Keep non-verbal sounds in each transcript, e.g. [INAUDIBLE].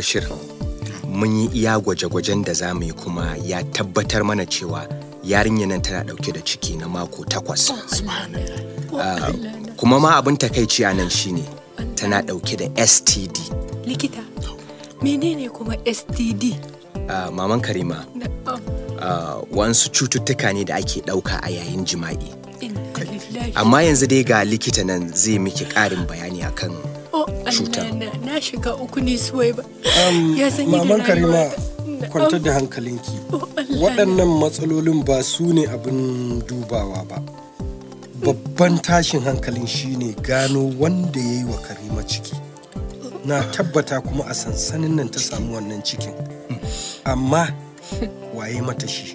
Bashir mun yi iya gwaje-gwajen da za mu yi kuma ya tabbatar mana cewa yarinyar nan tana dauke da ciki na mako takwas. Ah, kuma ma abin takaici a nan shine tana dauke da STD. Likita, menene kuma STD? Ah, Maman Karima, ah, wansu cututtuka ne da ake dauka a yayin jima'i. Amma yanzu dai ga likita nan zai miki ƙarin bayani akan cuta na shiga uku ne suwai ba [LAUGHS] maman karima kwantar da hankalinki [LAUGHS] oh, waɗannan matsalolin ba su ne abin dubawa ba babban tashin hankalin shine gano wanda ya yi wa karima ciki na tabbata kuma a sansanin nan ta samu wannan cikin amma waye mata shi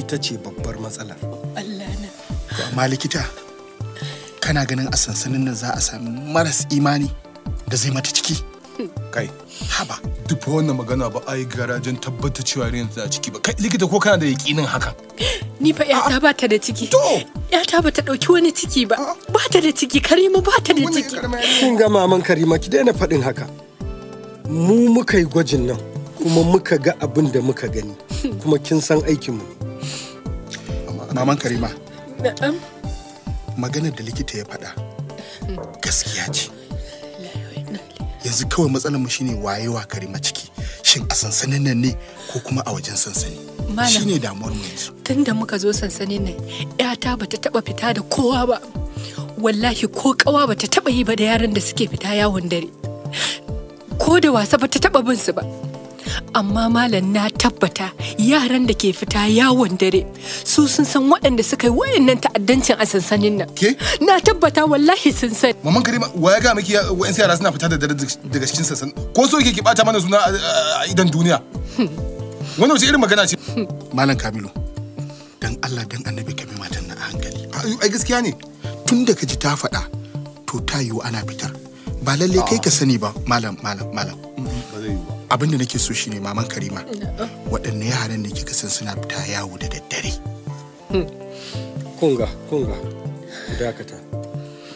ita ce babbar matsalar oh, ma likita kana ganin a sansanin nan za a sami maras imani da zai mata ciki kai haba duk wannan magana ba yi garajin tabbata cewa yarin ta ciki ba kai likita ko kana da yakinin hakan ni fa yata ba ta da ciki to yata ba ta ɗauki wani ciki ba ba ta da ciki karima ba ta da ciki kin ga maman karima ki daina faɗin haka mu muka yi gwajin nan kuma muka ga abin da muka gani [LAUGHS] kuma kin san aikinmu maman karima maganar da likita ya faɗa hmm. gaskiya ce yanzu kawai matsalar mu shine wayewa ma ciki shin a sansanin nan ne ko kuma a wajen sansani shine damuwar mu yanzu tunda muka zo sansanin nan yata bata taba fita da kowa ba wallahi ko kawa bata taba yi ba da yaran da suke fita yawon dare ko da wasa bata taba bin su ba amma malam na tabbata yaran da ke fita yawon dare su sun san waɗanda suka yi wayannan ta'addancin a sansanin nan ke na tabbata wallahi sun san maman karima wa ya ga miki wayan yara suna fita da dare daga cikin sansan ko so ke ki bata mana suna a idan duniya wannan wace irin magana ce malam kamilu dan Allah dan annabi ka bi matan nan a hankali ai gaskiya ne tun da ka ji ta faɗa to ta yiwu ana fitar ba lalle kai ka sani ba malam malam malam abinda nake so shine maman karima [LAUGHS] waɗanne yaran da kika san suna fita yawo da daddare hmm. kunga kunga dakata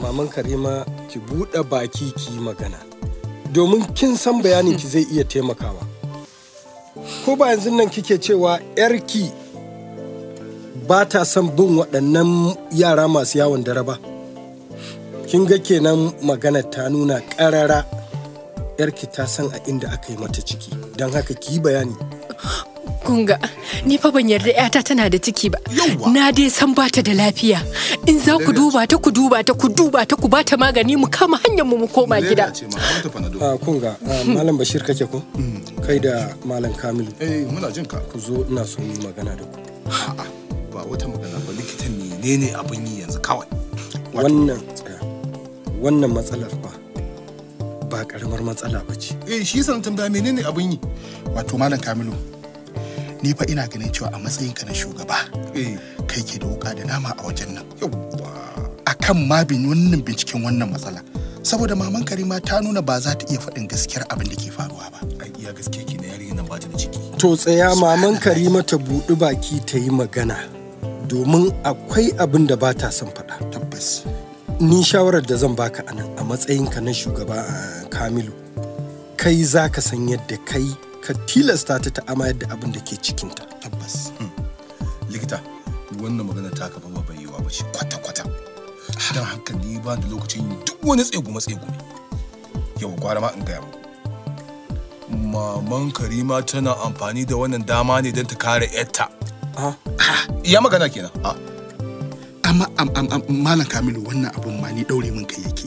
maman karima ki buɗe baki ki magana domin kin san bayanin ki zai iya taimakawa ko ba yanzu nan kike cewa yarki ba ta son bin waɗannan yara masu yawon dare ba kin ga kenan magana ta nuna ƙarara yarki ta san a inda aka yi mata ciki don haka ki bayani kunga ni fa ban yarda yata tana da ciki ba na dai san ba ta da lafiya in za ku duba ta ku duba ta ku duba ta ku bata magani mu kama hanyar mu mu koma gida a ah, kunga ah, [LAUGHS] malam bashir kake ko mm. kai da malam kamilu eh muna jin ka ku zo ina so mu magana da ku a'a ba wata magana ba likita menene abin yi yanzu kawai wannan eh, wannan matsalar ba ba matsala ba ce. Eh shi sanatan da menene abin yi? Wato Malam Kamilu ni fa ina ganin cewa a matsayin ka na shugaba eh kai ke da wuka da nama a wajen nan. Akan ma bin wannan binciken wannan matsala. Saboda maman Karima ta nuna ba za ta iya faɗin gaskiyar abin da ke faruwa ba. A iya gaske ke na yari nan ba ta da ciki. To tsaya maman Karima ta buɗi baki ta yi magana. Domin akwai abin da ba ta son faɗa. Tabbas. Ni shawarar da zan baka anan a matsayinka na shugaba kamilu kai za ka san yadda kai ka tilasta ta ta amayar da abin da ke cikinta tabbas hmm. likita wannan magana ta ka ba bai yiwa ba ce kwata-kwata don haka ni ba da lokacin duk wani tsegume tsegume yau gwara ma in gaya mu maman karima tana amfani da wannan dama ne don ta kare yarta ah. ya magana kenan amma malam kamilu wannan abun ma ni daure min kai yake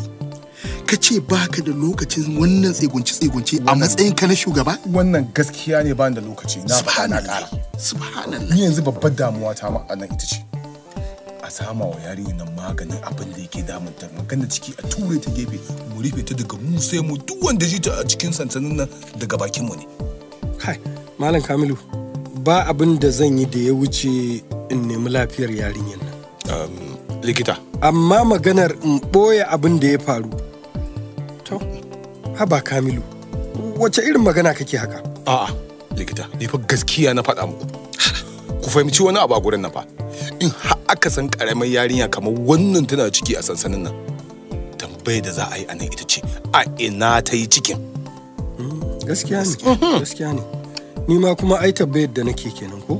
ka ce baka da lokacin wannan tsegunci-tsegunci a matsayin ka na shugaba? Wannan gaskiya ne ba da lokaci na fana ƙara. Subhanallah. Ni yanzu babbar damuwa ta ma nan ita ce. A sama wa yarinya nan maganin abin da yake damunta magana ciki a ture ta gefe mu rufe ta daga mu sai mu duk wanda ji ta a cikin sansanin nan daga bakin mu ne. Kai, Malam Kamilu, ba abin da zan yi da ya wuce in nemi lafiyar yarinyar nan. likita. Amma maganar in ɓoye abin da ya faru Haba Kamilu, wace irin magana kake haka? A'a, likita, ni fa gaskiya na faɗa muku. Ku fahimci wani abu a gurin nan fa. In har aka san ƙaramar yarinya kamar wannan tana ciki a sansanin nan. Tambayar da za a yi a nan ita ce, a ina ta yi cikin. Hmm, gaskiya ne, mm-hmm. gaskiya ne. Ni ma kuma ai tabbayar da nake kenan ko?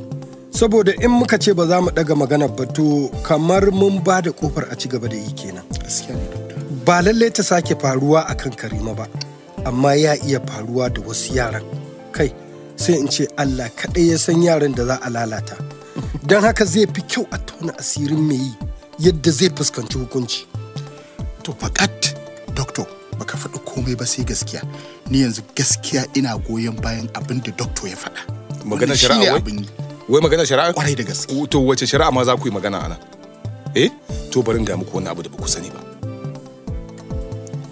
Saboda in muka ce ba za mu ɗaga magana ba to kamar mun ba da kofar a ci gaba da yi kenan. Gaskiya ne. Ba lallai ta sake faruwa akan Karima ba. amma ya iya faruwa da wasu yaran kai sai in ce Allah kaɗai ya san yaran da za a lalata don haka zai fi kyau a tona asirin mai yi yadda zai fuskanci hukunci to fakat doktor baka faɗi komai ba sai gaskiya ni yanzu gaskiya ina goyon bayan abin da doktor ya faɗa magana shari'a wai wai magana shari'a kwarai da gaske to wace shari'a ma za ku yi magana ana eh to barin ga muku wani abu da ba ku sani ba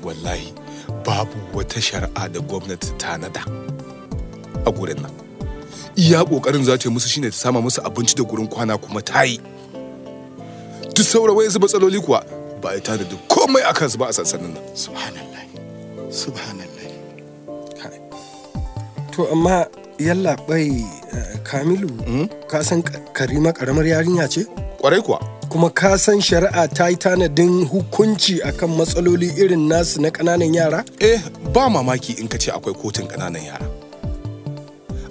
wallahi babu wata shari'a da gwamnati ta nada a gurin nan iya kokarin za ta musu shine ta sama musu abinci da gurin kwana kuma ta yi duk saura wayansu matsaloli kuwa ba a ta da komai a kansu ba a sansanin nan subhanallah subhanallah to amma yalla bai eh, kamilu hmm? ka san karima karamar yarinya ce kwarai kuwa kuma ka san shari'a ta yi tanadin hukunci akan matsaloli irin nasu na ƙananan yara? Eh, ba mamaki in ka ce akwai kotun kananan yara.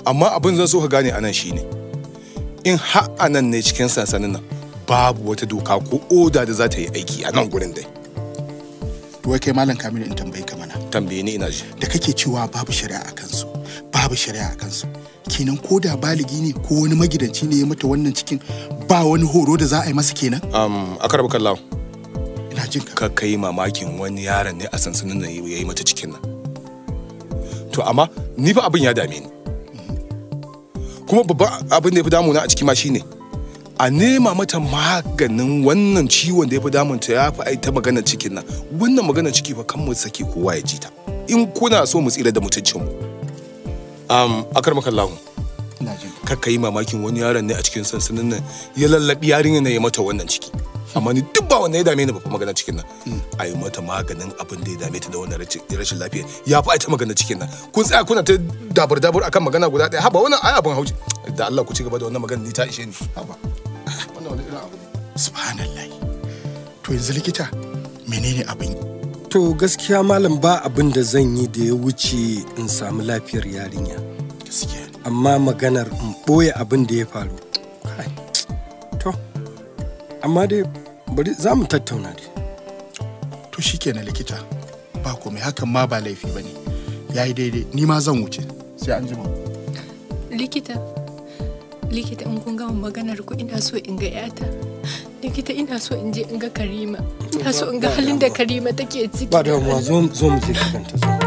Amma abin zan so ka gane anan ne. in har anan ne cikin sansanin nan babu wata doka ko oda da za ta yi aiki a nan gurin dai. Wai kai malam Kamilu in tambayi ka mana. Tambaye ni ina ji. Da kake cewa babu shari'a a kansu, babu shari'a a kansu. kenan ko da baligi ne ko wani magidanci ne ya mata wannan cikin ba wani horo da za a yi masa kenan? Um, a karbi Ina jin ka. Ka yi mamakin wani yaron ne a sansanin nan ya yi mata cikin nan. To amma ni fa abin ya dame ni. Kuma babban abin da ya fi damuna a ciki ma shine a nema mata maganin wannan ciwon da ya fi damunta ya fi ta magana cikin nan wannan magana ciki fa kan mu sake kowa ya ji ta in kuna so mu tsira da mutuncinmu um, akar makallahu kakka yi mamakin wani yaron ne a cikin sansanin nan ya lallabi yarinya ne ya mata wannan ciki amma ni duk ba wanda ya dame ni ba fa magana cikin nan mm. a yi mata maganin abin da ya dame ta da wannan rashin lafiya ya fi aita magana cikin nan kun tsaya kuna ta dabar dabar akan magana guda ɗaya haba wannan ai abin hauji da Allah ku ci gaba da wannan magana ni ta ishe ni haba wannan wani irin abu subhanallah to yanzu likita menene abin to gaskiya malam ba abin da zan yi da ya wuce in samu lafiyar yarinya gaskiya amma maganar in ɓoye abin da ya faru to amma dai bari za mu tattauna dai to shi na likita ba komai hakan ma ba laifi ba ne ya yi daidai ni ma zan wuce sai an jima likita likita in kun gama maganar ku ina so in ga yata likita ina so in je in ga karima ina so in ga halin da karima take ciki ba da zo mu je kanta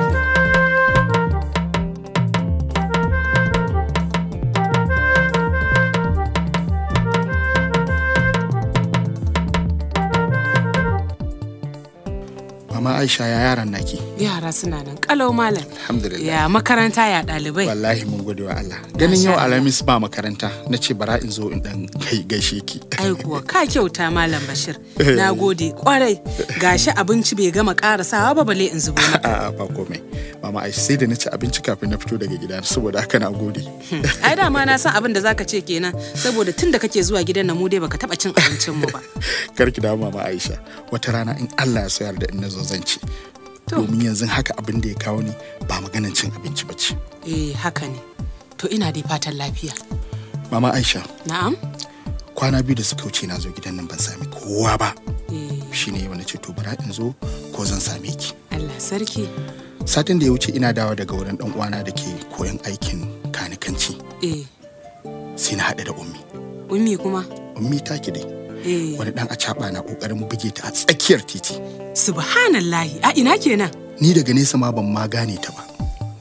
mama aisha ya yaran naki yara suna nan kalau malam alhamdulillah ya makaranta ya dalibai wallahi mun gode wa Allah ganin yau alhamis ba makaranta na ce bara in zo in dan kai gaishe ki ai kuwa ka kyauta malam bashir eh. na gode kwarai gashi abinci bai gama karasawa ba bale in zubo maka a'a ba komai mama aisha sai da na abinci kafin na fito daga gida saboda haka na gode hmm. ai ma na san abin da zaka ce kenan saboda tun da kake zuwa gidan nan mu dai baka taba cin abincin mu ba [LAUGHS] karki da mama aisha wata rana in Allah ya sayar da in na zo kasance domin yanzu haka abin da ya kawo ni ba maganan cin abinci bace eh haka ne to ina dai fatan lafiya mama aisha na'am kwana biyu da suka wuce na zo gidan nan ban sami kowa ba eh. shine wani ce to bara in zo ko zan same ki Allah sarki satin da ya wuce ina dawa daga wurin dan uwana da ke koyan aikin kanikanci eh sai na haɗu da ummi ummi kuma ummi ta ki dai Eh. wani dan a na kokarin buge ta a tsakiyar titi subhanallahi a ina kenan ni daga nesa ma ban ma gane ta ba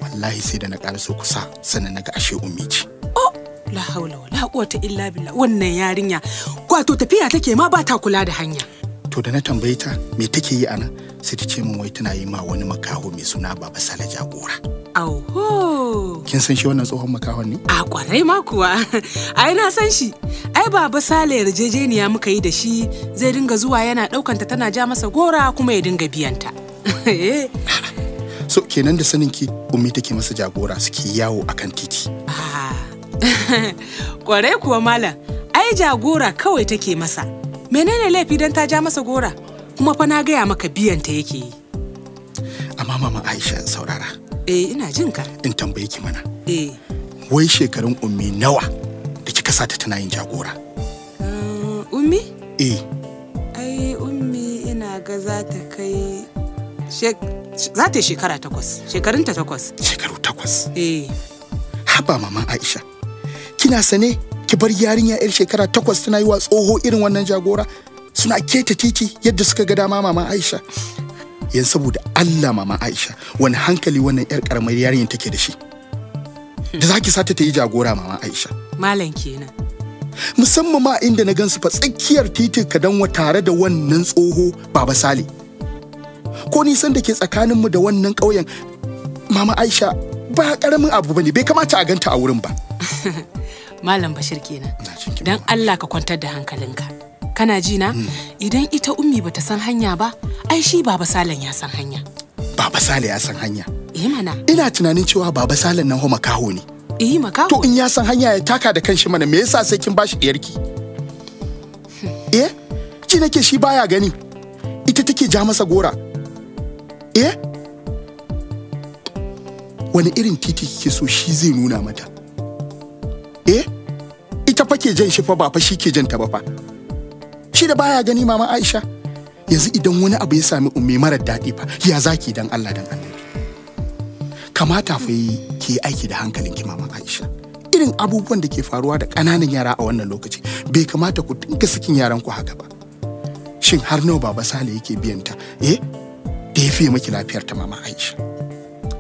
wallahi sai da na karaso kusa sannan naga ashe ummi ce oh la haula wala quwwata illa billah wannan yarinya wato tafiya take ma ba ta kula da hanya to da na tambaye ta me take yi anan sai ta ce min wai tana yi ma wani makaho mai suna baba sala jagora Auho! Kin san shi wannan tsohon makahon ne? A kwarai ma kuwa. Ai na san shi. Ai baba Sale yarjejeniya muka yi da shi zai dinga zuwa yana ɗaukanta tana ja masa gora kuma ya dinga biyanta. [LAUGHS] Eh. so kenan da sanin ki ummi take masa jagora suke yawo kan titi. Ah. [LAUGHS] kwarai kuwa malam. Ai jagora kawai take masa. Menene laifi don ta ja masa gora? Kuma fa na gaya maka biyanta yake yi. Amma mama Aisha saurara. Eh ina jin ka. In tambaye ki mana. Eh. Wai shekarun ummi nawa da kika sa ta tana yin jagora? Eh, ummi? Eh. Ai ummi ina ga za ta kai za ta yi shekara takwas shekarunta takwas shekaru takwas eh haba mama aisha kina sane ki bar yarinya yar shekara takwas tana yi wa tsoho irin wannan jagora suna keta titi yadda suka ga dama mama aisha Yan saboda Allah mama Aisha wani hankali wannan yar karamar yarinyar take da shi da zaki sata ta yi jagora mama Aisha malam kenan musamman ma inda na gansu fa tsakiyar titin kadanwa tare da wannan tsoho baba Sali. ko nisan da ke mu da wannan ƙauyen mama Aisha ba karamin abu bane bai kamata a ganta a wurin ba [LAUGHS] malam Bashir kenan dan Allah ka kwantar da hankalinka kana ji na hmm. idan ita ummi bata san hanya ba ai shi baba salan ya san hanya baba sale ya san hanya eh mana ina tunanin cewa baba salan nan ho makaho ne eh makaho to in ya san hanya ya taka da kanshi mana me yasa sai kin bashi diyarki hmm. eh ki nake shi baya gani ita take ja masa gora eh wani irin titi kike so shi zai nuna mata eh ita fa ke jan shi fa ba fa shi ke jan ta ba fa shi da baya gani mama aisha yanzu idan wani abu ya sami umme marar daɗi fa ya zaki dan allah dan annabi kamata fa yi ki aiki da hankalin ki mama aisha irin abubuwan da ke faruwa da kananan yara a wannan lokaci bai kamata ku dinka sakin yaran ku haka ba shin har nawa baba sale yake biyan ta eh da ya fiye maki lafiyar ta mama aisha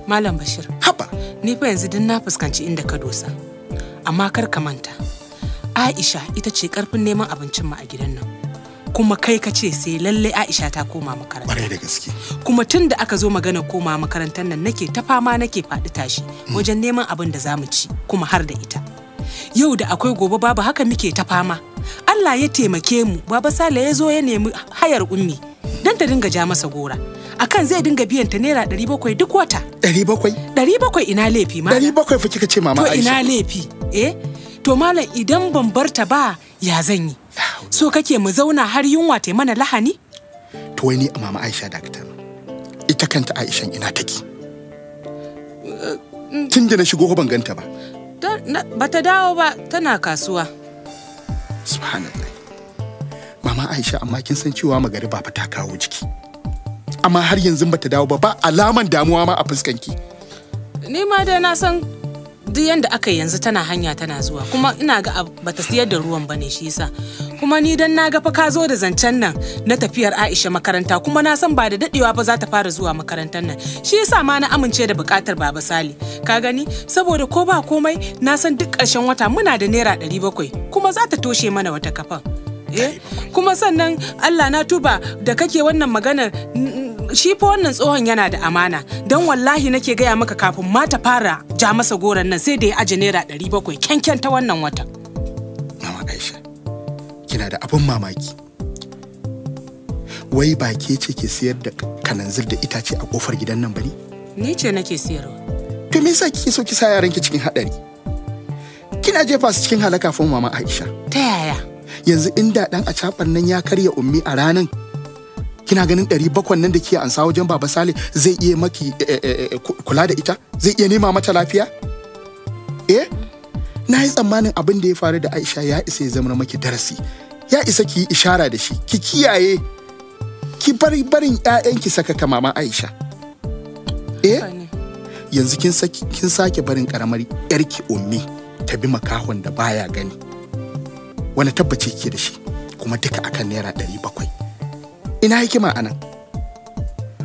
malam bashir haba ni fa yanzu din na fuskanci inda ka dosa amma kar ka manta aisha ita ce karfin neman abincin mu a gidan nan kuma kai ka ce sai lalle Aisha ta koma makaranta. Ƙwarai da gaske. Kuma tun da aka zo magana koma makarantar nan nake ta fama nake faɗi tashi mm. wajen neman abin da zamu ci kuma har da ita. Yau da akwai gobe babu haka muke ta fama. Allah ya taimake mu Baba Sale ya zo ya nemi hayar ummi don ta dinga ja masa gora. akan zai dinga biyan ta naira ɗari bakwai duk wata. Ɗari bakwai? Ɗari bakwai ina laifi ma. Ɗari bakwai fa kika ce mama Aisha. To ina laifi eh? To malam idan ban bar ta ba ya zan yi. So kake mu zauna har yunwa ta mana lahani? To wai ni a mama Aisha dakta. Ita kanta aisha ina take. Tun da na shigo ban ganta ba. Ba ta dawo ba tana kasuwa. Subhanallah. Mama Aisha amma kin san cewa magari ba ta kawo jiki. Amma har yanzu ba ta dawo ba ba alaman damuwa ma a fuskanki. Ni ma dai na san duk yanda aka yanzu tana hanya tana zuwa kuma ina ga bata siyar da ruwan bane shi yasa kuma ni dan na ga fa ka zo da zancen nan na tafiyar Aisha makaranta kuma na san ba da dadewa ba za ta fara zuwa makarantar nan shi yasa ma na amince da bukatar Baba Sali ka gani saboda ko ba komai na san duk ƙarshen wata muna da naira 700 kuma za ta toshe mana wata kafan eh? kuma sannan Allah na tuba da kake wannan maganar shi fa wannan tsohon yana da amana don wallahi nake gaya maka kafin ma ta fara ja masa goron nan sai da ya aje naira ɗari bakwai kyankyan ta wannan watan. Mama Aisha, kina da abin mamaki. Wai ba ke ce ke siyar da kananzir da itace a kofar gidan nan ba ne? Ni ce nake siyarwa. To me yasa kike so ki sa yaranki cikin haɗari? Kina jefa su cikin halaka fa Mama Aisha. Ta yaya? Yanzu inda ɗan a nan ya karya ummi a ranan kina ganin ɗari bakwan nan da ke ansa wajen baba sale zai iya maki eh, eh, eh, kula da ita zai iya nema mata lafiya eh na yi tsammanin abin da ya faru da aisha ya isa ya zama maki darasi ya isa ki yi ishara da shi ki kiyaye ki bari barin ƴaƴanki saka ka mama aisha eh yanzu kin saki kin sake barin karamar yarki ummi ta bi makahon da baya gani wani tabbaci ke da shi kuma duka akan naira ɗari bakwai ina hikima nan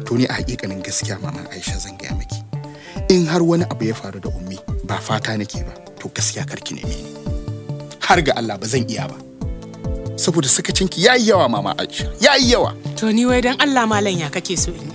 to ni a hakikanin gaskiya maman aisha zan gaya miki in har wani abu ya faru da ummi ba fata nake ba to gaskiya karki neme ni har ga Allah ba zan iya ba saboda sakacinki yayi yawa mama aisha yayi yawa to ni wai dan Allah malam ya kake so in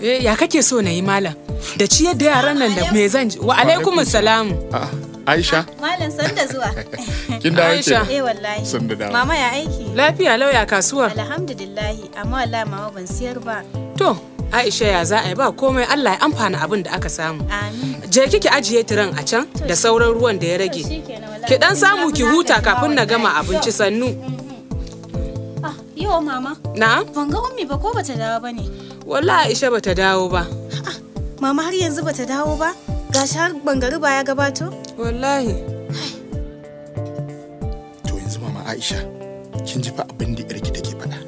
eh ya kake so na yi malam da ciyar da yaran nan da me zan wa alaikumus salam a'a ah. Aisha? Ah, malam sanda zuwa. [LAUGHS] Kin da Aisha. Eh wallahi. San da dawo. Mama ya aiki. Lafiya lauya kasuwa. Alhamdulillah, amma wallahi mama ban siyar ba. To, Aisha ya za a yi ba komai Allah ya amfana abin da aka samu. Amin. Je kiki ajiye tiran a can da sauran ruwan da ya rage. Ki dan samu ki huta kafin na gama abinci sannu. Mm, mm, mm. Ah, yau mama. Na? Ban ga ummi ba ko bata dawo ba ne? Wallahi Aisha bata dawo ba. Ah, mama har yanzu bata dawo ba? Gashi har bangari ba ya gabato? wallahi to yanzu mama aisha kin ji fa abin da yarki take faɗa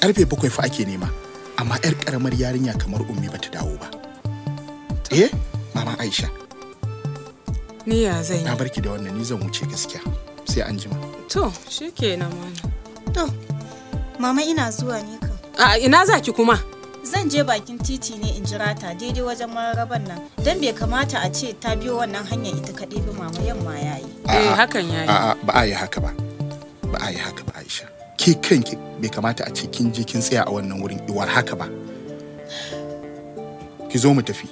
karfe bakwai fa ake nema amma yar karamar yarinya kamar ummi bata dawo ba eh mama aisha ni ya zan na barki da wannan ni zan wuce gaskiya sai an jima to shikenan mana to mama ina zuwa ne kan a ina zaki kuma zan je bakin titi ne in jira ta daidai wajen mararaban nan don bai kamata a ce ta biyo wannan hanyar ita kaɗai ba mama yamma ya yi eh hakan ya yi ba a yi haka ba ba a yi haka ba aisha ke kanki bai kamata a ce kin je kin tsaya a wannan wurin iwar haka ba ki zo mu tafi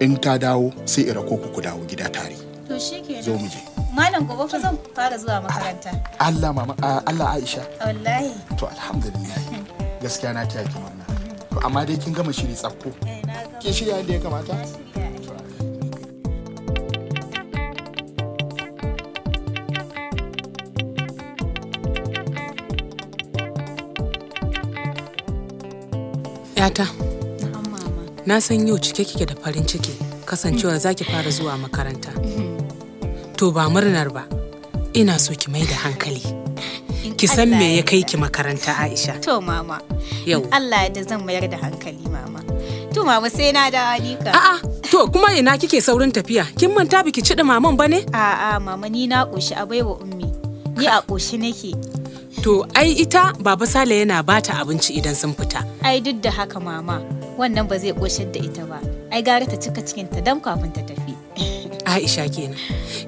in ta dawo sai ira ko ku dawo gida tare to shikenan zo mu je malam gobe fa zan fara zuwa makaranta Allah mama Allah Aisha wallahi to alhamdulillah [LAUGHS] gaskiya na taya ki murna amma dai kin gama shiri tsakko kin shirya yadda ya kamata yata na san yau cike kike da farin ciki kasancewar mm. ki fara zuwa makaranta mm-hmm. to ba murnar ba ina so ki mai da hankali ki san me ya kai ki makaranta Aisha to mama yau Allah da zan mayar da hankali mama to mama sai na da alika a'a to kuma ina kike saurin tafiya kin manta biki ci maman bane a'a mama ni na koshi a baiwa ummi ni a koshi nake To ai ita Baba Sale yana bata abinci idan sun fita. Ai duk da haka mama, wannan ba zai ƙoshar da ita ba. Ai gara ta cika cikinta dam kafin ta tafi. Aisha kenan.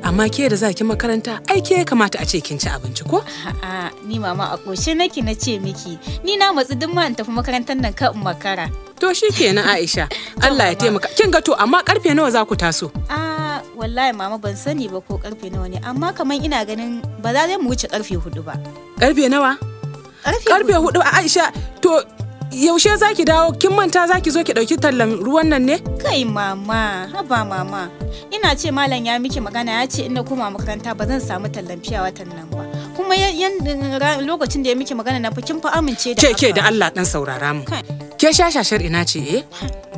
Amma ke da ki makaranta ai ke ya kamata a ce kin ci abinci ko? A'a ni mama a koshe nake na ce miki. Ni na matsi duk ma in tafi makarantar nan ka in makara. To shi kenan Aisha. [LAUGHS] Allah ya taimaka. Kin ga to amma karfe nawa za ku taso? Ah wallahi mama ban sani ba ko karfe nawa ne amma kaman ina ganin ba za mu wuce karfe hudu ba. Karfe nawa? Karfe hudu. Karfe hudu Aisha to yaushe za ki dawo kin manta za ki zo ki ɗauki tallan ruwan nan ne? Kai mama, haba mama. Ina ce malam ya miki magana ya ce ina koma makaranta ba zan samu tallan fiya watan nan ba. Kuma lokacin da ya miki magana na fi kin fa amince da Ke ke da Allah dan saurara mu. Ke shashashar ina ce eh?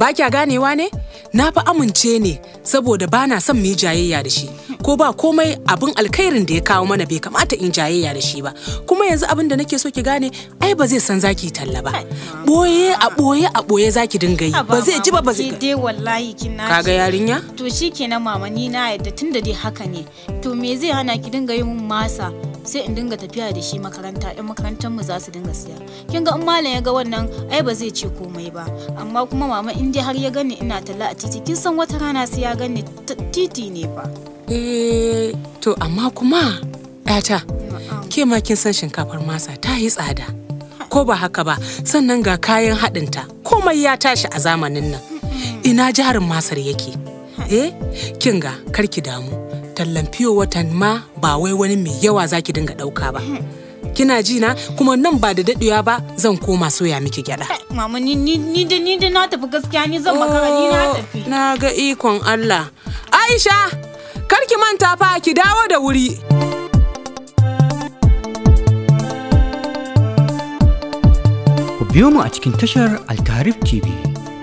Ba kya ganewa ne? Na fi amince ne saboda ba na son mu yi jayayya da shi. Ko ba komai abin alkhairin da ya kawo mana bai kamata in jayayya da shi ba. Kuma yanzu abin da nake so ki gane ai ba zai san zaki talla ba. Boye a boye a boye zaki dinga yi. Ba zai ji ba ba zai. Dai wallahi kina. Kaga yarinya? To shikenan mama ni na yadda tunda dai haka ne. To me zai hana ki dinga yin masa? sai in dinga tafiya da shi makaranta ɗan makarantar mu za su dinga siya kin ga in malam ya ga wannan ai ba zai ce komai ba amma kuma mama in dai har ya gani ina talla a titi kin san wata rana sai ya gani titi ne fa eh to amma kuma ɗata ke ma kin san shinkafar masa ta yi tsada ko ba haka ba sannan ga kayan haɗinta komai ya tashi a zamanin nan ina jarin masar yake eh kin ga karki damu tallan watan ma ba wai wani mai yawa zaki dinga ɗauka ba. Kina ji na kuma nan ba da daɗewa ba zan koma soya miki gyaɗa. Mama ni ni da ni da na tafi gaskiya ni zan makara ni na oh, tafi. Na ga ikon Allah. Aisha kar ki manta fa ki dawo da wuri. Ku biyo mu a cikin tashar Altarif TV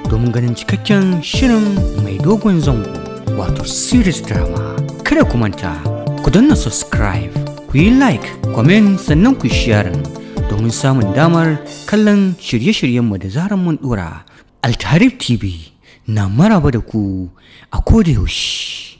domin ganin cikakken shirin mai dogon zango wato series drama. kada ku manta ku danna subscribe ku yi like comment sannan ku share domin samun damar kallon shirye-shiryenmu da zaran mun dora tv na maraba da ku a kodayaushe